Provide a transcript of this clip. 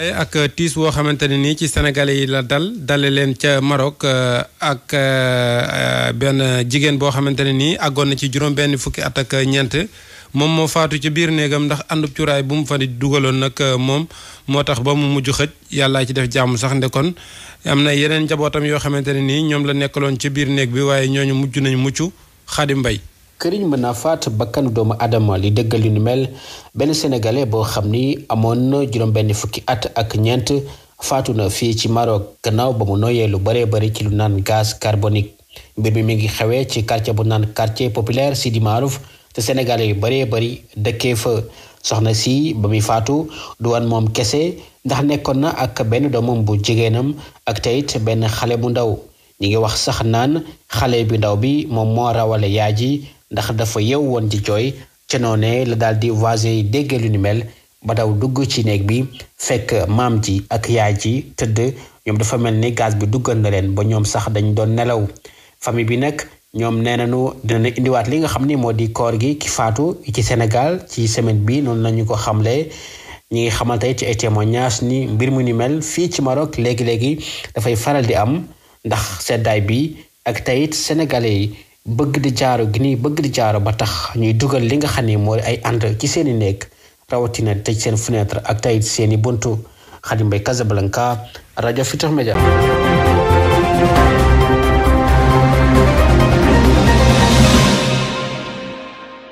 ak euh, tiis boo xamante ne nii ci sénégalais yi la dal dale leen ca Maroc euh, ak euh, benn jigéen boo xamante ne nii àggoon na ci juróom benn fukki at ak ñeent moom moo faatu ci biir néegam ndax àndub cuuraay bu mu fa dugaloon nag moom moo tax ba mu mujj xëj yàllaa ci def jàmm sax nde kon am na yeneen njabootam yoo xamante ne nii ñoom la nekkaloon ci biir néeg bi waaye ñooñu mujj nañu mucc Xadim Mbay këriñ mën naa faat bakkanu doomu aadama li dëggal li nu mel benn sénégalais boo xam ni amoon na juróom benn fukki at ak ñeent faatu na fii ci Maroc gannaaw ba mu noyee lu baree bari ci lu naan gaz carbonique mbir mi mi ngi xewee ci quartier bu naan quartier populaire Sidi Marouf te sénégalais yu baree bari dëkkee fa soxna si ba muy faatu du wan moom kese ndax nekkoon na ak benn doomam bu jigéenam ak teyit benn xale bu ndaw ñu ngi wax sax naan xale bu ndaw bi moom moo rawale yaay ji ndax dafa yew woon ci coy ca noone la daal di voisin yi déggee lu ni mel ba daw dugg ci néeg bi fekk maam ji ak yaay ji tëdd ñoom dafa mel ni gaz bi duggal na leen ba ñoom sax dañ doon nelaw famille bi nag ñoom nee nañu dina indiwaat li nga xam ni moo di koor gi ki faatu ci Sénégal ci semaine bi noonu lañu ko xamle ñu ngi xamal tey ci ay témoignages ni mbir mu ni mel fii ci Maroc léegi-léegi dafay faral di am ndax seddaay bi ak tayit sénégalais yi bëgg di jaaru gi nii bëgg di jaaru ba tax ñuy dugal li nga xam ni mooy ay ànd ci seeni néeg rawatina tëj seen fenêtre ak tayit seeni buntu Xadim Mbay Casablanca rajo Futurs Médias